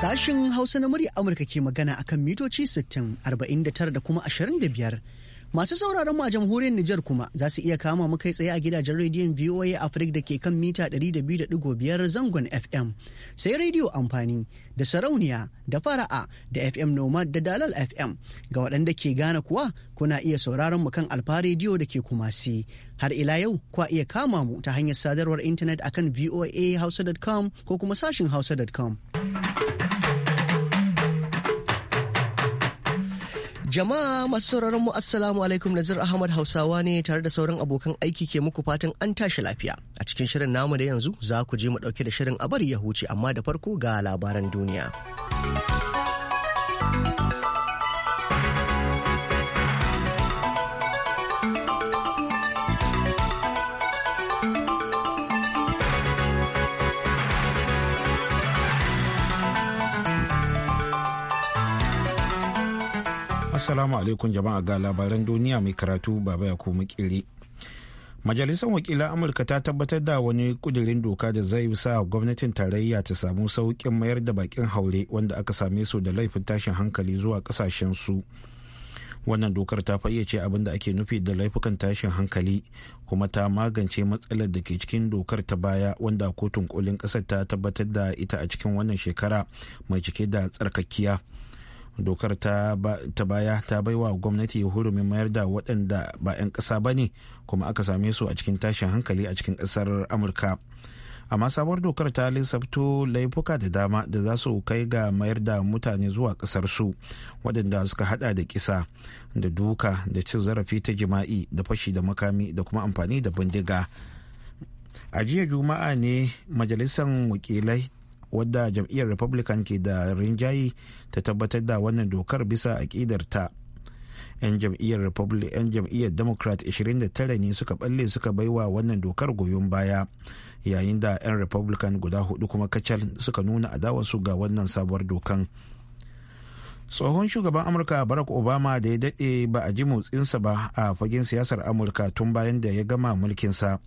Sashin Hausa na murya Amurka ke magana akan mitoci 60, 49 da kuma 25. Masu sauraron mu a jamhuriyar Nijar kuma za su iya kama mu kai tsaye a gidajen rediyon VOA Africa da ke kan mita 200.5 zangon FM. Sai rediyo amfani da sarauniya da fara'a da FM Nomad da Dalal FM. Ga waɗanda ke gane kuwa kuna iya sauraron mu kan Alfa rediyo da ke Kumasi. Har ila yau kuwa iya kama mu ta hanyar sadarwar intanet akan voahausa.com ko kuma sashin hausa.com. Jama'a masu sauraron mu Assalamu alaikum Nazir Ahmad Hausawa ne tare da sauran abokan aiki ke muku fatan an tashi lafiya. A cikin shirin namu da yanzu za ku je mu dauke da shirin a bari ya huce amma da farko ga labaran duniya. Assalamu alaikum jama'a ga labaran duniya mai karatu baba ya kuma kiri. Majalisar wakilan Amurka ta tabbatar da wani kudirin doka da zai sa gwamnatin tarayya ta samu saukin mayar da bakin haure wanda aka same su da laifin tashin hankali zuwa kasashen su. Wannan dokar ta fayyace abin da ake nufi da laifukan tashin hankali kuma ta magance matsalar da ke cikin dokar ta baya wanda kotun kolin ƙasar ta tabbatar da ita a cikin wannan shekara mai cike da tsarkakkiya. dokar ta baya ta baiwa gwamnati hurumin mayar da waɗanda ba 'yan ƙasa ba ne kuma aka same su a cikin tashin hankali a cikin ƙasar amurka amma sabuwar dokar ta lissafto laifuka da dama da za su kai ga mayar da mutane zuwa ƙasar su waɗanda suka hada da kisa da duka da cin zarafi ta jima'i da fashi da makami da kuma amfani da bindiga a jiya juma'a ne majalisar wakilai wadda jam'iyyar republican ke da rinjaye ta tabbatar da wannan dokar bisa aƙidarta 'yan jam'iyyar democrat 29 ne suka balle suka baiwa wannan dokar goyon baya yayin da 'yan republican guda hudu kuma kacal suka nuna adawarsu ga wannan sabuwar dokan tsohon shugaban amurka barack obama da ya dade ba a ji motsinsa ba a fagen siyasar amurka tun bayan da ya gama mulkinsa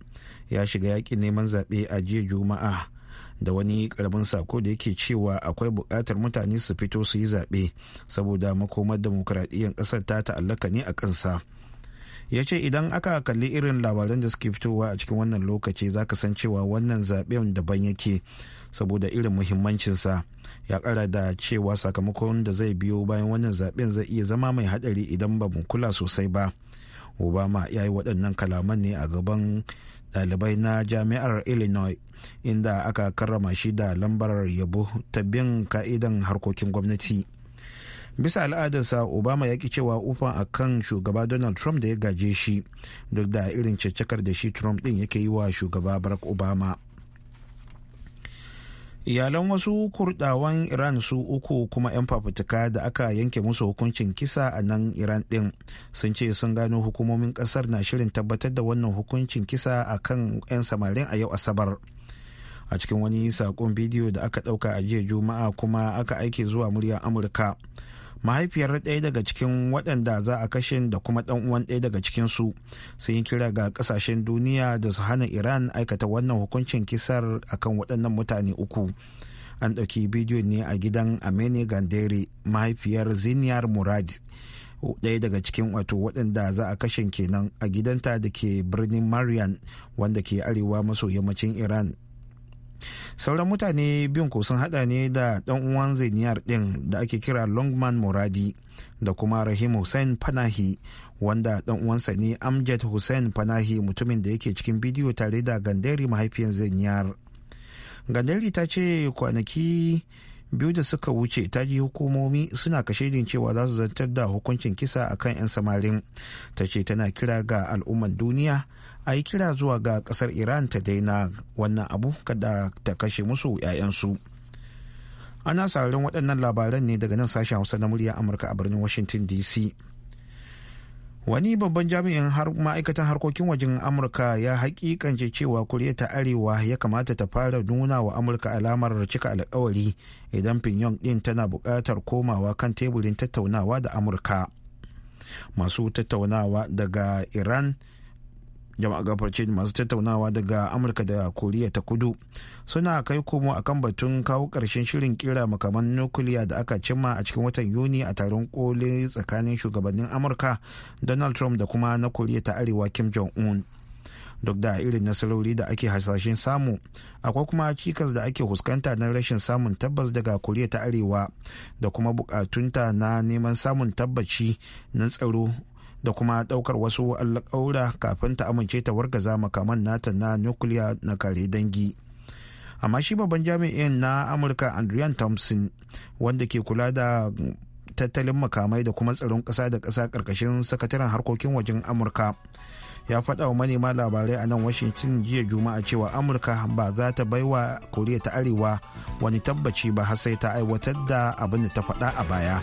ya shiga yakin neman zaɓe a jiya juma'a da wani karamin sako da yake cewa akwai buƙatar mutane su fito su yi zaɓe saboda makomar demokuraɗiyyar ƙasar ta ta'allaka ne a kansa ya ce idan aka kalli irin labaran da suke fitowa a cikin wannan lokaci za ka san cewa wannan zaɓen daban yake saboda irin muhimmancinsa ya ƙara da cewa sakamakon da zai biyo bayan wannan zaɓen zai iya zama mai haɗari idan ba mu kula sosai ba obama ya yi waɗannan kalaman ne a gaban dalibai na jami'ar illinois inda aka karrama shi da lambar yabo ta bin ka'idan harkokin gwamnati bisa al'adarsa obama ya ki cewa ufa a kan shugaba donald trump da ya gaje shi duk da irin cecekar da shi trump din yake yi wa shugaba barack obama iyalan wasu kurdawan iran su uku kuma 'yan fafutuka da aka yanke musu hukuncin kisa a nan iran din sun ce sun gano hukumomin kasar na shirin tabbatar da wannan hukuncin kisa a kan 'yan samarin a yau asabar a cikin wani saƙon bidiyo da aka ɗauka a jiya juma'a kuma aka aike zuwa muryar amurka mahaifiyar ɗaya daga cikin waɗanda za a kashe da kuma ɗan uwan ɗaya daga cikin su sun yi kira ga ƙasashen duniya da su hana iran aikata wannan hukuncin kisar akan waɗannan mutane uku an ɗauki bidiyo ne a gidan amene ganderi mahaifiyar ziniyar murad ɗaya daga cikin wato waɗanda za a kashe kenan a gidanta da ke birnin marian wanda ke arewa maso yammacin iran sauran mutane biyun ko sun hada ne da dan uwan zainiyar din da ake kira longman muradi da kuma rahim hussein fanahi wanda dan uwansa ne amjad hussein panahi mutumin da yake cikin bidiyo tare da gandari mahaifiyar zainiyar gandari ta ce kwanaki biyu da suka wuce ta ji hukumomi suna kashe din cewa za su zantar da hukuncin kisa akan 'yan samarin ta ce tana kira ga al'umman duniya a yi kira zuwa ga kasar iran ta daina wannan abu kada ta kashe musu 'ya'yansu ana sararin waɗannan labaran ne daga nan sashen hausa na murya amurka a birnin washington dc wani babban jami'in ma'aikatan harkokin wajen amurka ya hakikance cewa kuriya ta arewa ya kamata ta fara nuna wa amurka alamar cika alkawari idan pinyon din tana buƙatar komawa kan teburin tattaunawa da amurka masu tattaunawa daga iran jama'a gafarce masu tattaunawa daga amurka da koriya ta kudu suna kai komo akan batun kawo karshen shirin kira makaman nukuliya da aka cimma a cikin watan yuni a taron koli tsakanin shugabannin amurka donald trump da kuma na koriya ta arewa kim jong-un duk da irin nasarori da ake hasashen samu akwai kuma cikas da ake huskanta na rashin samun tabbas daga koriya ta arewa da kuma bukatunta na neman samun tabbaci na tsaro da kuma daukar wasu alƙaura kafin ta amince ta wargaza makaman nata na nukiliya na kare dangi amma shi babban jami'in na amurka andrian thompson wanda ke kula da tattalin makamai da kuma tsaron ƙasa da ƙasa karkashin sakataren harkokin wajen amurka ya faɗa wa manema labarai a nan washington jiya juma'a cewa amurka ba za ta baiwa koriya ta arewa wani tabbaci ba har sai ta aiwatar da abin da ta faɗa a baya.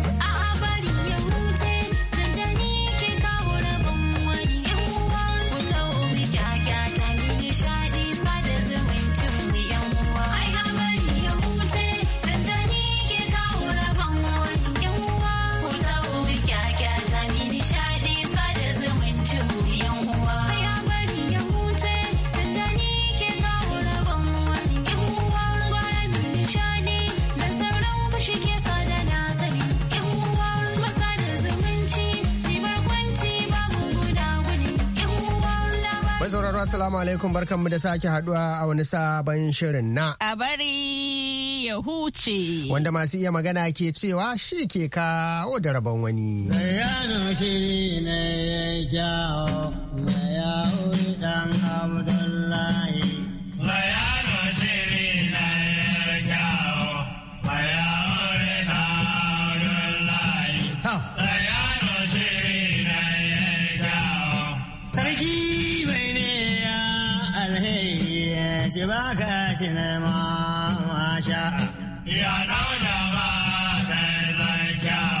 Assalamu alaikum barkanmu da sake haduwa a wani sabon shirin na. A bari ya huce. Wanda masu iya magana ke cewa shi ke kawo da rabon wani. Bayanin shiri ne ya kyawo. ba ka shi ma sha. Ya na da ba kai ba kyau.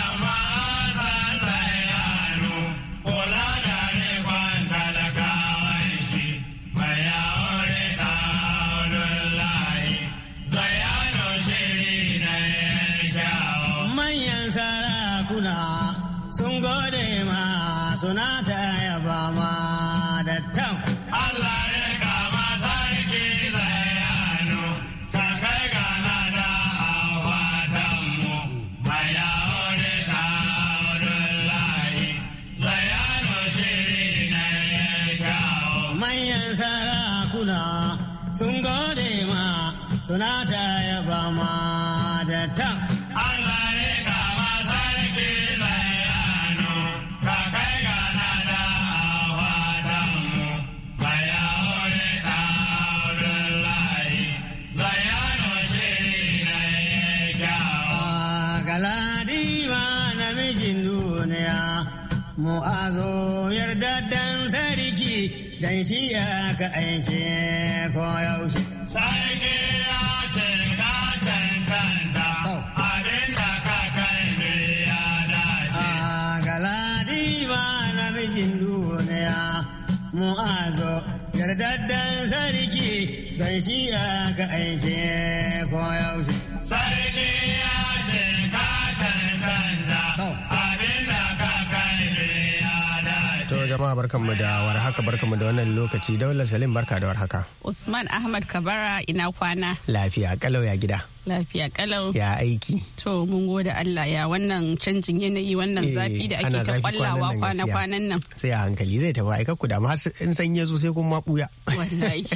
zo yarda dan sarki dan shi ya ka aike ko yaushe. Sarki ya ce ka cancanta abin da ka kai ne ya dace. A galadi ma na mijin duniya zo yarda dan sarki dan shi ya ka aike ko yaushe. Sarki ya ce ka cancanta. jama'a barkanmu da warhaka barkanmu da wannan lokaci daular salim barka da warhaka usman ahmad kabara ina kwana lafiya kalau ya gida lafiya kalau ya aiki to mun gode allah ya wannan canjin yanayi wannan eh, zafi da ake ta kwallawa kwana kwanan nan sai a hankali zai tafi aika ku da ma in san ya zo sai kuma buya wallahi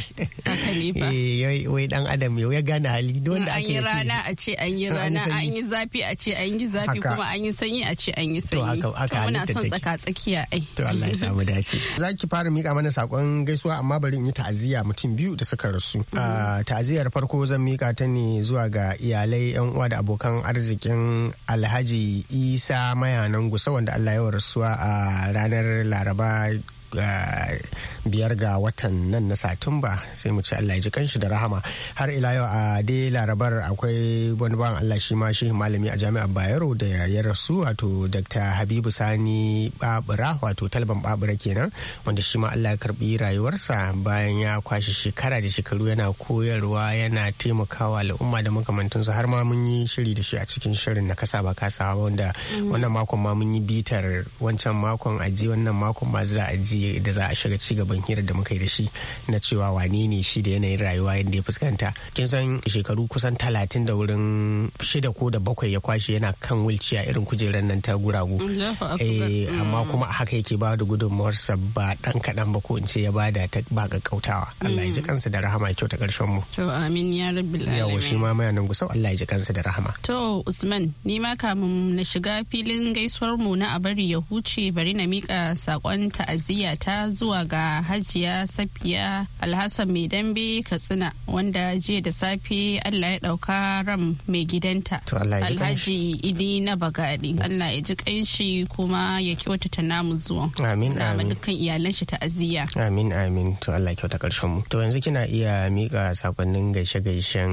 haka ne ba eh, wai dan adam yau ya gane hali don da ake yi rana a ce an yi rana an yi zafi a ce an yi zafi kuma an yi sanyi a ce an yi sanyi to haka haka muna son tsaka tsakiya ai to allah ya samu dace za ki fara mika mana saƙon gaisuwa amma bari in yi ta'aziyya mutum biyu da suka rasu mm. ah, ta'aziyyar farko zan mika ta ne zuwa ga iyalai yan uwa da abokan arzikin alhaji isa mayanan gusa wanda allah ya rasuwa a ranar laraba ah, biyar ga watan nan na satumba sai mu ci allah ya ji kanshi da rahama har ila yau a dai larabar akwai wani bawan allah shi ma shi malami a jami'ar bayero da ya rasu wato dr habibu sani babura wato talban babura kenan wanda shi ma allah ya karbi rayuwarsa bayan ya kwashe shekara da shekaru yana koyarwa yana taimakawa al'umma da makamantansu har ma mun yi shiri da shi a cikin shirin na kasa ba kasawa wanda mm. wannan makon ma mun yi bitar wancan makon aji wannan makon ma za a ji da za a shiga ci gaba sabon hirar da muka yi da shi na cewa wane ne shi da yanayin rayuwa yadda ya fuskanta kin san shekaru kusan talatin da wurin shida ko da bakwai ya kwashe yana kan wilciya irin kujerar nan ta guragu eh, amma mm. kuma haka yake ba da gudunmawarsa ba dan kaɗan ba ko in ce ya bada ta ba kautawa Allah ya ji mm. kansa da rahama kyau ta ƙarshen mu to amin ya rabbi alamin yawa shi ma mai nan gusau Allah ya ji kansa da rahama to Usman ni ma kamun na shiga filin gaisuwar mu na abari ya huce bari na mika sakon ta'aziyya ta zuwa ga hajiya safiya alhassan mai dambe katsina wanda jiya da safe allah ya ɗauka ram mai gidanta alhaji idi na bagadi allah ya ji kanshi kuma ya kyautata namu zuwa amin amin dukkan iyalan shi aziya amin amin to allah ya kyauta karshen mu to yanzu kina iya mika sakonnin gaishe gaishen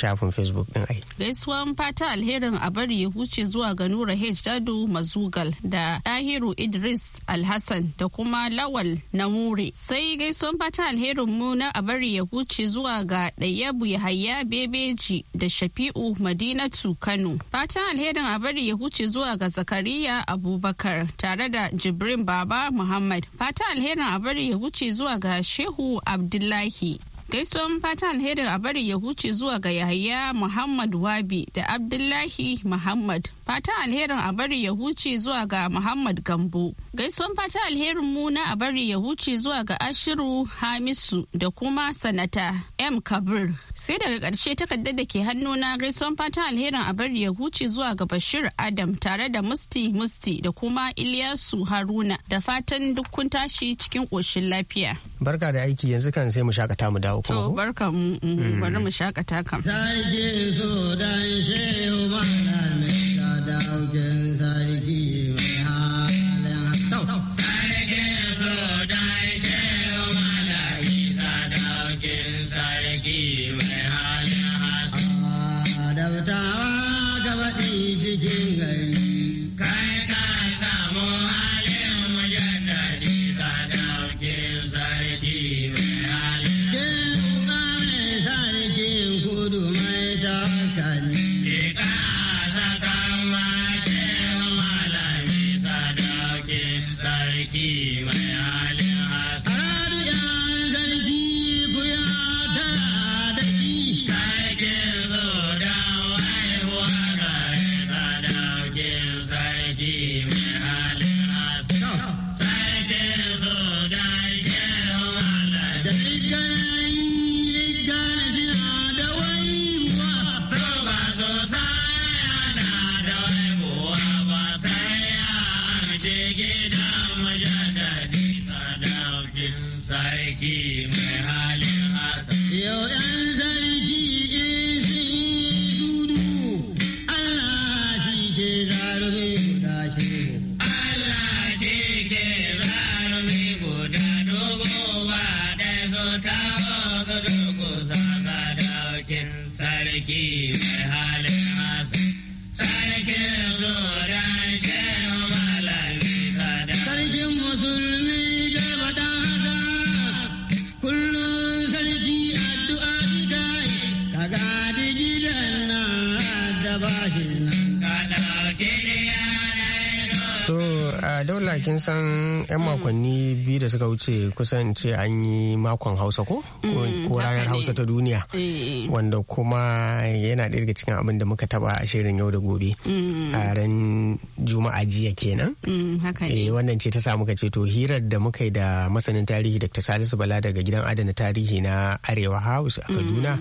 shafin facebook din ai gaisuwan fata alherin a bari ya huce zuwa ga nura h dadu mazugal da dahiru idris alhassan da kuma lawal namu more. Sai gaisuwan fata alherin mu na a bari ya huce zuwa ga Ɗayyabu Yahaya Bebeji da Shafi'u Madinatu Kano. Fatan alherin a bari ya huce zuwa ga Zakariya Abubakar tare da Jibrin Baba Muhammad. Fatan alherin a bari ya huce zuwa ga Shehu Abdullahi Gaisuwan fata alherin a bari ya huce zuwa ga Yahaya Muhammad Wabi da Abdullahi Muhammad. Fata alherin a bari ya huce zuwa ga Muhammad Gambo. Gaisuwan fata alherin mu na a bari ya huce zuwa ga Ashiru Hamisu da kuma Sanata M Kabir. Sai daga ƙarshe takardar da ke hannuna gaisuwan fata alherin a bari ya huce zuwa ga Bashir Adam tare da Musti Musti da kuma Ilyasu Haruna da fatan duk tashi cikin ƙoshin lafiya. Barka da aiki yanzu kan sai mu shakata mu dawo. kuma to barka mu mm, mm, bari mu shakata kam sai ke so dan shehu da ne da dauke To a daula kin san 'yan makonni biyu da suka wuce kusan ce an yi makon hausa ko? Ko mm, ranar hausa ta duniya. Eh, eh. Wanda kuma yana ɗaya daga cikin abin da muka taba a shirin yau da gobe. Mm. A ran juma'a jiya kenan. Mm, eh, wannan ce ta samu ka ce to hirar da muka yi da masanin tarihi Dr. Salisu Bala daga gidan adana tarihi na Arewa House a Kaduna.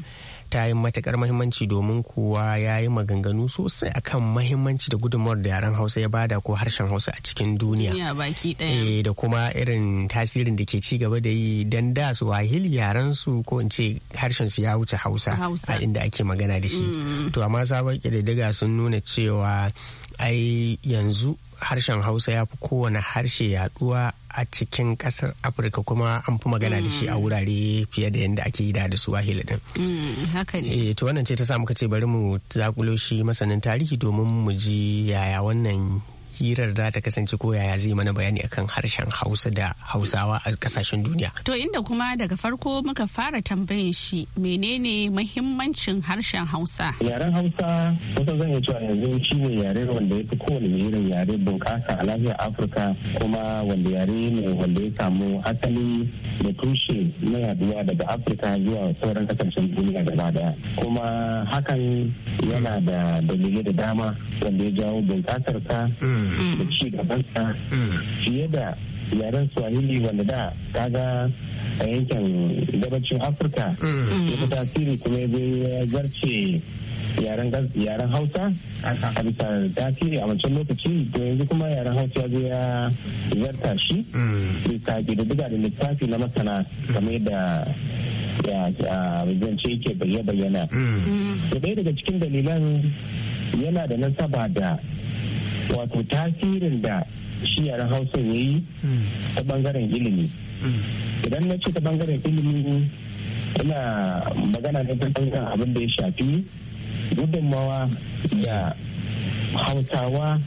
ta yi matakar mahimmanci domin kowa ya yi maganganu sosai akan mahimmanci da gudunmawar da yaren hausa ya bada ko harshen hausa a cikin duniya eh, da kuma irin tasirin da ke ci gaba da yi don da su wahili yaren su ko in ce harshen su ya wuce hausa a inda ake magana da shi mm. to amma sabon kididdiga sun nuna cewa ai yanzu harshen hausa ya fi kowane harshe yaduwa a cikin kasar afirka kuma an fi magana da shi a mm. wurare fiye da yadda ake yi da da wahila din mm, eh to wannan ce ta sa muka ce bari mu zakulo shi masanin tarihi domin mu ji yaya wannan hirar za ta kasance ko yaya zai mana bayani akan harshen hausa da hausawa a kasashen duniya to inda kuma daga farko muka fara tambayin shi menene mahimmancin harshen hausa yaren hausa wata zan yi cewa yanzu shi ne yare wanda ya fi kowane irin yare bunƙasa a lafiyar afirka kuma wanda yare ne wanda ya samu asali da tushe na yaduwa daga afirka zuwa sauran kasashen duniya gaba daya kuma hakan yana da dalilai da dama wanda ya jawo bunƙasar ta mm. da ci sa hmm. fiye da yaren swahili wanda da kaga a yankin gabacin afirka hmm. ya fi tasiri kuma ya zarce yaren hausa a bisa tasiri a wancan lokaci da yanzu kuma yaren hausa ya zo ya zarta shi hmm. bisa ƙididdiga da littafi na masana da ya zance yake bayyana da daya daga cikin dalilan yana da nasaba da wato tasirin da shi yaran hausa ya yi hmm. ta bangaren ilimi hmm. idan na ce ta bangaren ilimi ina magana ne ta bangaren abin da ya shafi gudunmawa da hausawa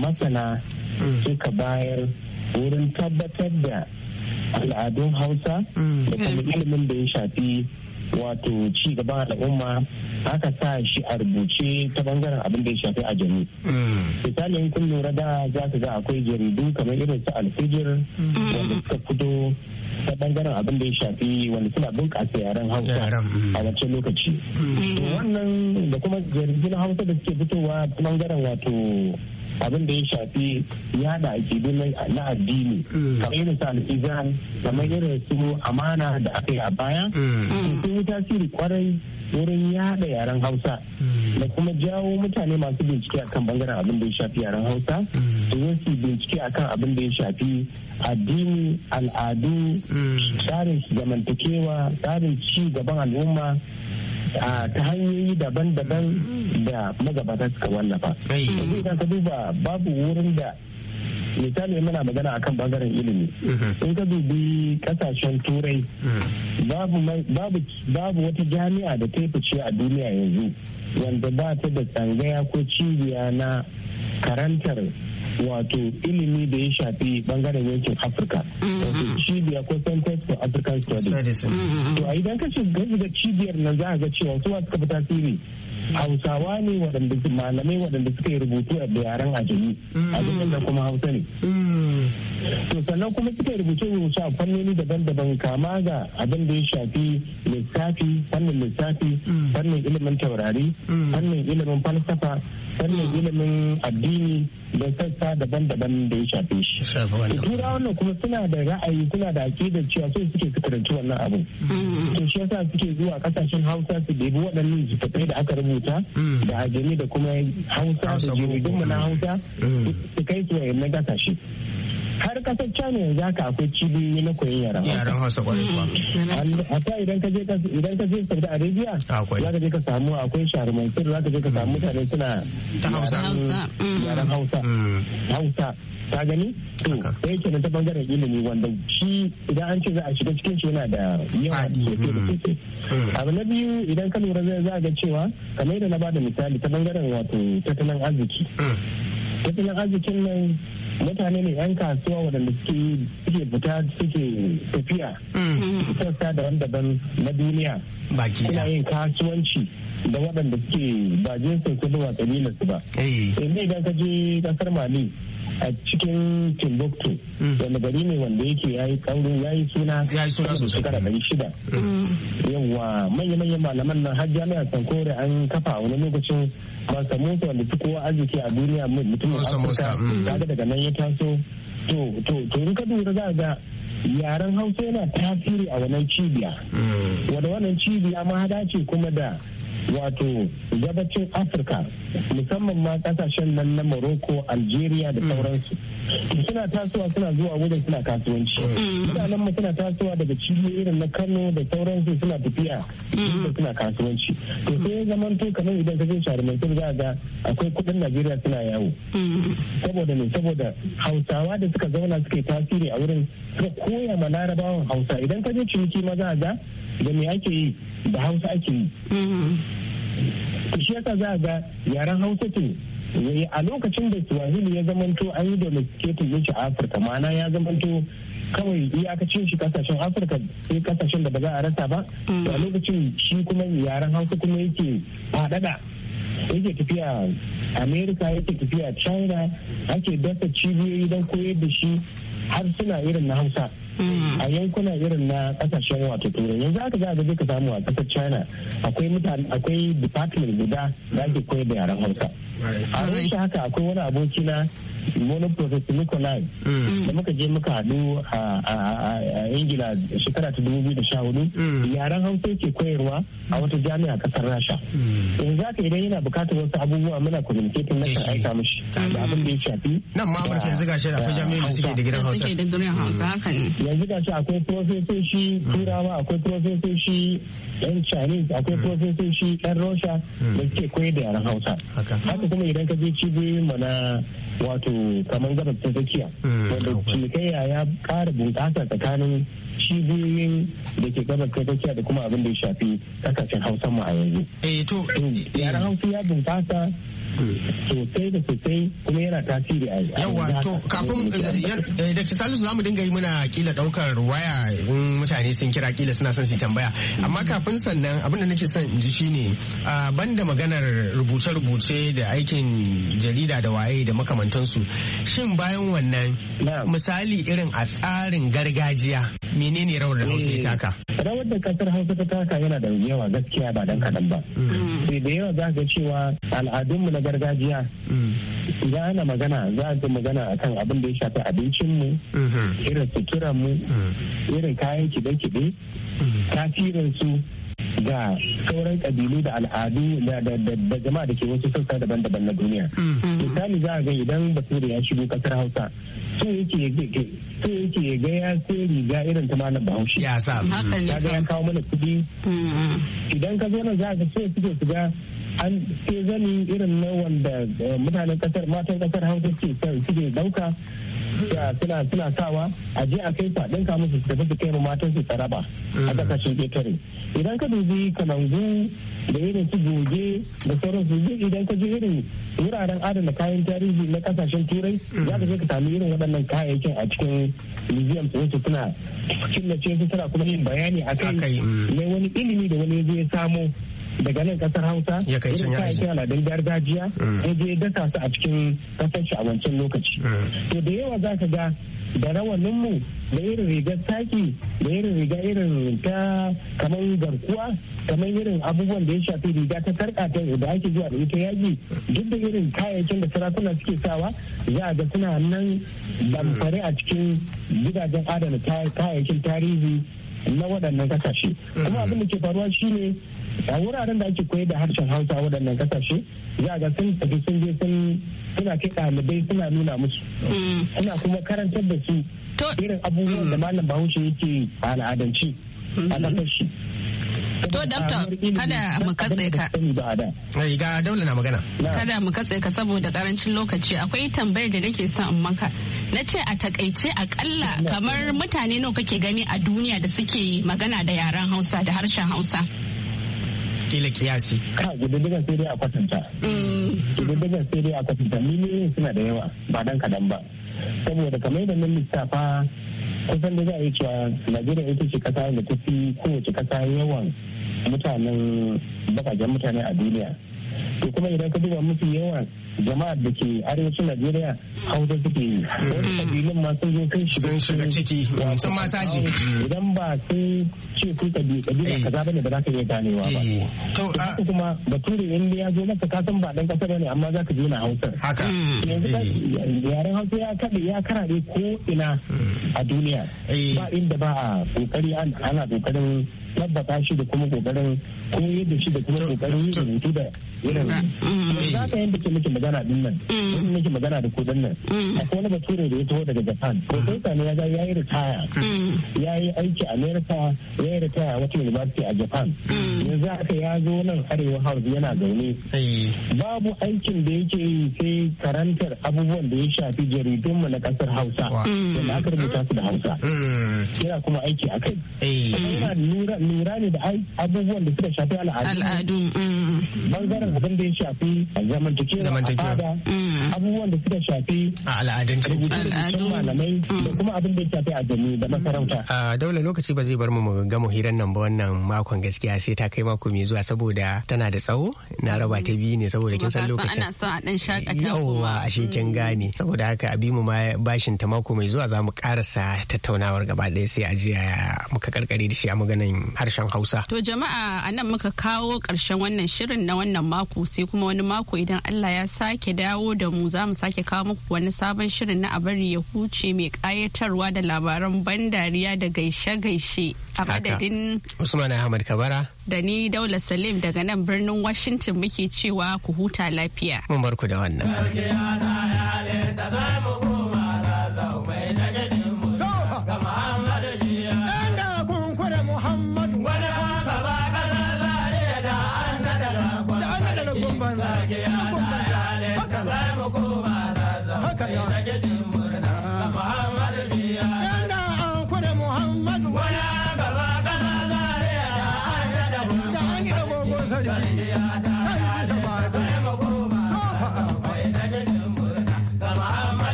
masana hmm. suka bayar wurin tabbatar da al'adun hausa da kuma ilimin da ya shafi wato ci gaban al'umma aka sa shi a rubuce ta bangaren abin da ya shafi a jami. Mm. in kun lura da za ka ga akwai jaridu kamar irin su alfijir wanda suka fito ta bangaren abin da ya shafi wanda suna bunƙasa yaren hausa mm. a wancan lokaci. Mm. Wannan da kuma jaridun hausa da suke fitowa ta bangaren wato abin da ya shafi yada dole na addini mm. kamar yadda sa alfizan kamar yadda su amana da aka yi a baya mm. sun yi tasiri kwarai wurin yada yaren hausa mm. da kuma jawo mutane masu bincike akan bangaren abin da ya shafi yaren hausa Da su bincike akan abin da ya shafi addini al'adu tsarin zamantakewa tsarin ci gaban al'umma a ta hanyoyi daban-daban da magabata suka wallafa. Idan ka duba babu wurin da misali muna magana akan bangaren ilimi mhm. in ka dubi kasashen turai mhm. babu wata jami'a da ta fice a duniya yanzu wanda ba ta da tsangaya ko cibiya na karantar wato ilimi da ya shafi bangaren yankin afirka mm-hmm. wato cibiya ko centers for african studies mm-hmm. to a idan ka shiga cibiyar nan za a ga cewa su suka fi tasiri hausawa ne waɗanda malamai waɗanda suka yi rubutu da yaren ajami a cikin da kuma hausa ne mm. to sannan kuma suka yi rubutu rubutu a fannoni daban-daban kama ga abin da ya shafi lissafi fannin lissafi mm. fannin ilimin taurari mm. fannin ilimin falsafa fannin ilimin addini da sassa daban-daban da ya shafe shi. Tura wannan kuma suna da ra'ayi suna da da cewa so suke su karanci wannan abu. To shi yasa suke zuwa kasashen Hausa su debi waɗannan littattafai da aka rubuta rubuta mm. da ajami da kuma hausa da jirgin mu na hausa mm. su kai su gasa shi. har kasar china yanzu haka akwai cibiyoyi na koyon yaran yaran hausa kwarai kuwa mm. idan ka je idan ka je saudi arabia za ka je ka samu akwai sharmansir za ka je ka samu mutane suna ta hausa yaran hausa hausa ka gani to da kenan ta bangaren ilimi wanda shi idan an ce za a shiga cikin shi yana da yawa hmm. Hmm. abu na biyu idan ka lura zai za ga cewa kamar yadda na da misali ta bangaren wato tattalin arziki hmm. tattalin arzikin nan mutane ne 'yan kasuwa waɗanda suke fita suke tafiya sassa daban-daban na duniya suna yin kasuwanci da waɗanda suke ba jinsin su ba kabilar su ba. inda eh. idan ka je ƙasar Mali a cikin timbuktu mm. wanda gari ne wanda yake ya yi kauri ya yi suna ya yi suna sosai shekara dari shida mm. yawa manya-manyan malaman nan har jami'ar sankore an kafa wani lokacin masa musa wanda su kowa arziki a duniya mutumin afirka mm. ga daga nan ya taso to to to in ka dubi za ga yaren hausa yana tasiri a wannan cibiya wanda wannan cibiya ma ce kuma da wato gabacin afirka musamman ma kasashen nan na morocco algeria da mm. sauransu suna tasowa suna zuwa wajen suna kasuwanci mm. mutanen mu suna tasowa daga cibiyoyi irin na kano da sauransu suna tafiya mm. suna kasuwanci to sai zaman to kamar idan ka je mai za ga akwai kudin najeriya suna yawo saboda ne saboda hausawa da suka zauna suka yi tasiri a wurin suka koya ma larabawan hausa idan ka je ciniki ma za ga da me ake yi da hausa ake yi shi yasa za a ga yaren hausa ce eh, a lokacin da swahili ya zamanto an yi domesticated ne a afirka ma'ana ya zamanto kawai iyakacin shi kasashen afirka sai kasashen da ba za a rasa ba a lokacin shi kuma yaren hausa kuma yake faɗaɗa yake tafiya amerika yake tafiya china ake dasa cibiyoyi don koyar da shi har suna irin na hausa Mm. a yankuna irin na kasashen wato turai yanzu aka za a ka samu a kasar china akwai mutane akwai department guda da ake koyar da yaren hausa a rushe haka akwai wani aboki na. gonar professor nicolai mm. da muka je muka haɗu a ingila shekara ta dubu biyu da sha hudu mm. yaren hausa yake koyarwa a wata jami'a kasar rasha mm. yanzu haka idan yana bukatar wasu abubuwa muna communicating na kan aika mishi da abin da ya shafi nan ma amurka yanzu gashi akwai jami'o'i da suke digirin hausa suke gidan hausa haka ne yanzu gashi akwai profesoshi turawa akwai profesoshi yan chinese akwai profesoshi yan rasha da suke koyar da yaren hausa haka kuma idan ka je cibiyoyin mana wato kamar gabas ta tsakiya mm, wanda cinikayya ya ƙara bunƙasa tsakanin cibiyoyin da ke gabas ta tsakiya da kuma abin da ya shafi kasashen hausa mu a yanzu. Eh to. Eh, Yaran hausa ya bunƙasa sosai yawa to kafin eh, eh, Dr. Salisu zamu dinga yi muna kila daukar waya in mutane sun kira kila suna son su tambaya amma kafin sannan abin da nake son in ji shine banda maganar rubuce-rubuce da aikin jarida da waye da makamantansu shin bayan wannan misali irin a tsarin gargajiya menene rawar da hausa ya eh, taka rawar da kasar hausa ta taka yana da yawa gaskiya ba dan kadan ba mm. sai da yawa za ga cewa al'adunmu na gargajiya idan mm. ana magana za a magana akan abin da ya shafi abincinmu mm-hmm. irin suturanmu mm. irin kayan kiɗe-kiɗe tasirinsu ga sauran kabilu da al'adu da jama'a da ke wasu sassa daban-daban na duniya. Misali za a ga idan basira ya shigo kasar Hausa so yake so yake ga ya sai riga irin ta malam bahaushe ya sa kaga ya kawo mana kuɗi idan ka zo nan za ka so suke su ga an sai zani irin na wanda eh, mutanen kasar matan kasar hausa ke suke dauka suna suna sawa a je a kai faɗin ka musu su tafi su kai matan su tsaraba a kasashen mm. ƙetare idan ka dubi kanangu da irin su goge da sauransu duk idan ka je irin wuraren adana kayan tarihi na kasashen turai za ka je ka sami irin waɗannan kayayyakin a cikin museum su suna killace su tana kuma yin bayani a kai mm. ne wani ilimi da wani zai samo daga nan kasar hausa irin kayayyakin aladun gargajiya mm. ya je dasa su a cikin kasar shi a wancan lokaci mm. to da yawa za ka ga da rawaninmu da irin rigar taki da irin riga irin ta kamar garkuwa kamar irin abubuwan da ya shafi riga ta karka ta da ake zuwa da ita yaji duk da irin kayayyakin da sarakuna suke sawa za a ga suna nan damfare a cikin gidajen adana kayayyakin tarihi na waɗannan ƙasashe kuma abin da ke faruwa shine a wuraren da ake koyar da harshen hausa waɗannan kasashe za ga sun tafi sun je sun suna kai ɗalibai suna nuna musu mm. suna kuma karantar da su irin abubuwan da mm. malam bahaushe yake a al'adance a kasar mm-hmm. shi To dakta kada mu katse ka. Ga daula na magana. Kada mu katse ka saboda karancin lokaci akwai tambayar da nake son in maka. Na ce a takaice akalla kamar mutane nawa kake gani a duniya da suke magana da yaren Hausa da harshen Hausa. kila kiyasi ka kididdigar sai dai a kwatanta kididdigar mm. sai dai a kwatanta ne suna da yawa ba dan kadan ba saboda kamar yadda nan lissafa kusan da za a yi cewa najeriya ita ce kasa da ta fi kowace kasa yawan mutanen bakajen mutane a duniya su kuma idan ka duba mafi yawan jama'ar da ke arewacin najeriya hausa suke yi wani mm. kabilun ma sun zo kai shiga shiga ciki sun masaji. idan ba sun ce kabila eh. kaza bane ba za ka iya ganewa ba eh. to kuma bature in ya zo maka ka san ba dan kasa bane amma za ka je na hausa haka mm. eh. yaren hausa ya kaɗe ya karare ko ina mm. a duniya ba inda ba a kokari ana kokarin tabbata shi da kuma kokarin koyar da shi da kuma kokarin yin rubutu da irin za ka yanda ke muke magana din nan in mm. magana da kudin nan mm. a wani bature da ya taho daga japan mm. profesa ne ya ga ya yi ritaya ya yi aiki america ya yi ritaya wata university a japan yanzu haka ya zo nan arewa house yana zaune babu aikin da yake yi sai karantar abubuwan da ya shafi jaridun mu na kasar hausa wanda aka rubuta su da hausa yana kuma aiki a kai yana lura ne da abubuwan da suka shafi al'adu bangaren abin da ya shafi zamantakewa al'ada mm. abubuwan da suka shafi a al'adance malamai da kuma abin da ya shafi addini da masarauta a daular lokaci ba zai bar mu ga mu hiran nan ba wannan makon gaskiya sai ta kai mako mai zuwa saboda tana da tsawo na raba ta biyu ne saboda kin san lokacin ana son a dan shakata yawa a kin mm. gane saboda haka abi mu ma bashin ta mako mai zuwa za mu karasa tattaunawar gaba ɗaya sai a jiya muka karkare da shi a maganin harshen Hausa to jama'a anan muka kawo ƙarshen wannan shirin na wannan mako sai kuma wani mako idan Allah ya sake dawo da mu za mu sake kawo muku wani sabon shirin na abari ya huce mai kayatarwa da labaran ban dariya da gaishe-gaishe a madadin Usman Ahmad Kabara da ni Daula Salim daga nan birnin Washington muke cewa ku huta lafiya. Mun barku da wannan.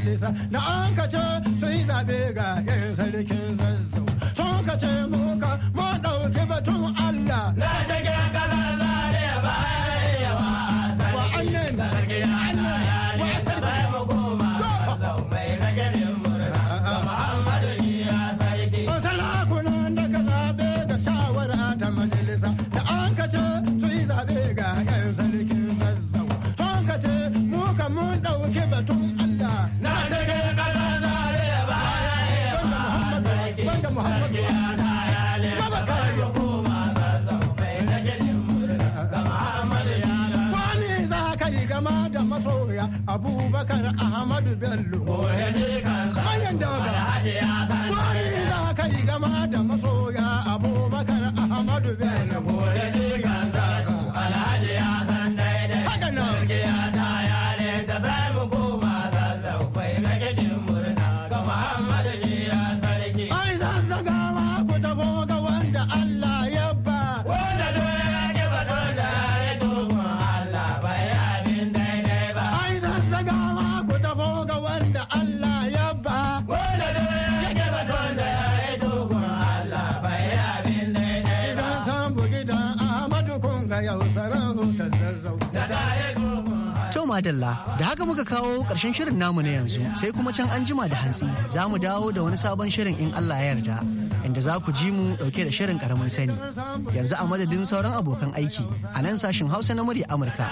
majalisa an ka ce sun zaɓe ga yan sarkin zazzau sun ka ce muka mun ɗauki batun Allah. Na cikin kalan lariya ba ya wa sarki ya ya murna ga ah, ah. Muhammadu ya ka zaɓe shawara ta majalisa da an ka ce zaɓe ga yan sarkin zazzau sun ka ce mun ɗauki batun abubakar ahmadu bello mayan ko ni da kai gama da maso madalla da haka muka kawo ƙarshen shirin namu na yanzu sai kuma can an jima da hantsi za mu dawo da wani sabon shirin in Allah ya yarda inda za ku ji mu ɗauke da shirin ƙaramin sani yanzu a madadin sauran abokan aiki a nan sashin hausa na murya amurka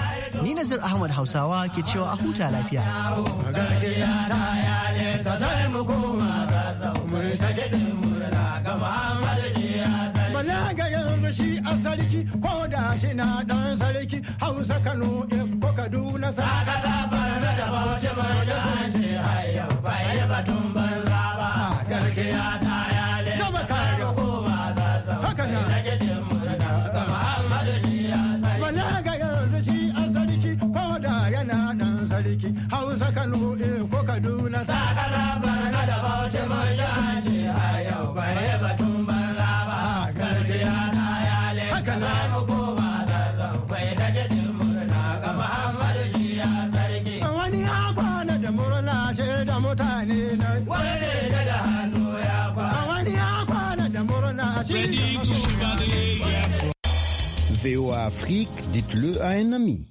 ni nazir ahmad hausawa ke cewa a huta lafiya ga yanzu shi a sarki ko da shi na ɗan sarki hausa kano ko kaduna sa da da barna da bauchi ba da san ce hayya bai batun raba garke ya ta yale na makaro ko ba da za haka na nagedin murna muhammadu shi ya sai bana ga yanzu shi an sariki ko da yana dan sariki hausa kano ko kaduna sa da da barna à Afrique, dites-le à un ami.